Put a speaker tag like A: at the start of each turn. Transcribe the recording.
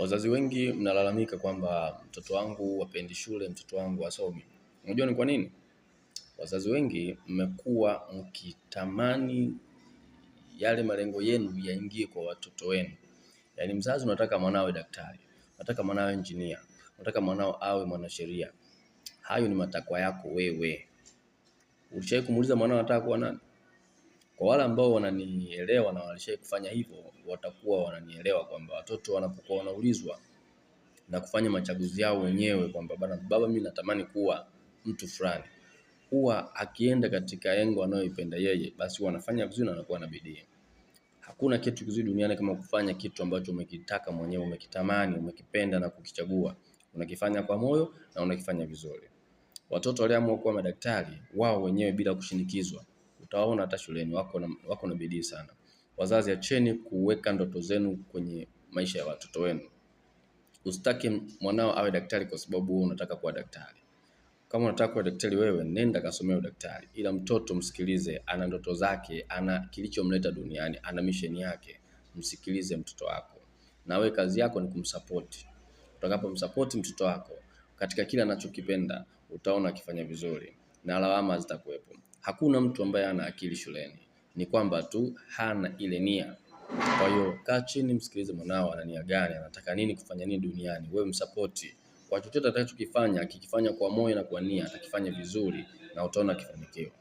A: Wazazi wengi mnalalamika kwamba mtoto wangu wapendi shule, mtoto wangu hasomi. Unajua ni kwa nini? Wazazi wengi mmekuwa mkitamani yale malengo yenu yaingie kwa watoto wenu. Yaani mzazi unataka mwanawe daktari, unataka mwanawe injinia unataka mwanao awe mwanasheria. Hayo ni matakwa yako wewe. Ulishawahi kumuuliza mwanao anataka kuwa nani? Kwa wale ambao wananielewa na walishai kufanya hivyo, watakuwa wananielewa kwamba watoto wanapokuwa wanaulizwa na kufanya machaguzi yao wenyewe kwamba bana, baba, mimi natamani kuwa mtu fulani, huwa akienda katika engo anayoipenda yeye, basi wanafanya vizuri na anakuwa na bidii. Hakuna kitu kizuri duniani kama kufanya kitu ambacho umekitaka mwenyewe, umekitamani, umekipenda na kukichagua, unakifanya kwa moyo na unakifanya vizuri. Watoto waliamua kuwa madaktari wao wenyewe bila kushinikizwa, utawaona hata shuleni wako na, wako na bidii sana. Wazazi, acheni kuweka ndoto zenu kwenye maisha ya watoto wenu. Usitaki mwanao awe daktari kwa sababu wewe unataka kuwa daktari. Kama unataka kuwa daktari wewe, nenda kasomea udaktari, ila mtoto msikilize, ana ndoto zake, ana kilichomleta duniani, ana misheni yake. Msikilize mtoto wako, na wewe kazi yako ni kumsapoti. Utakapomsapoti mtoto wako katika kile anachokipenda, utaona akifanya vizuri na lawama zitakuwepo. Hakuna mtu ambaye ana akili shuleni, ni kwamba tu hana ile nia. Kwa hiyo kaa chini, msikilize mwanao ana nia gani, anataka nini, kufanya nini duniani, wewe msapoti kwa chochote atakachokifanya. Akikifanya kwa moyo na kwa nia, atakifanya vizuri na utaona akifanikiwa.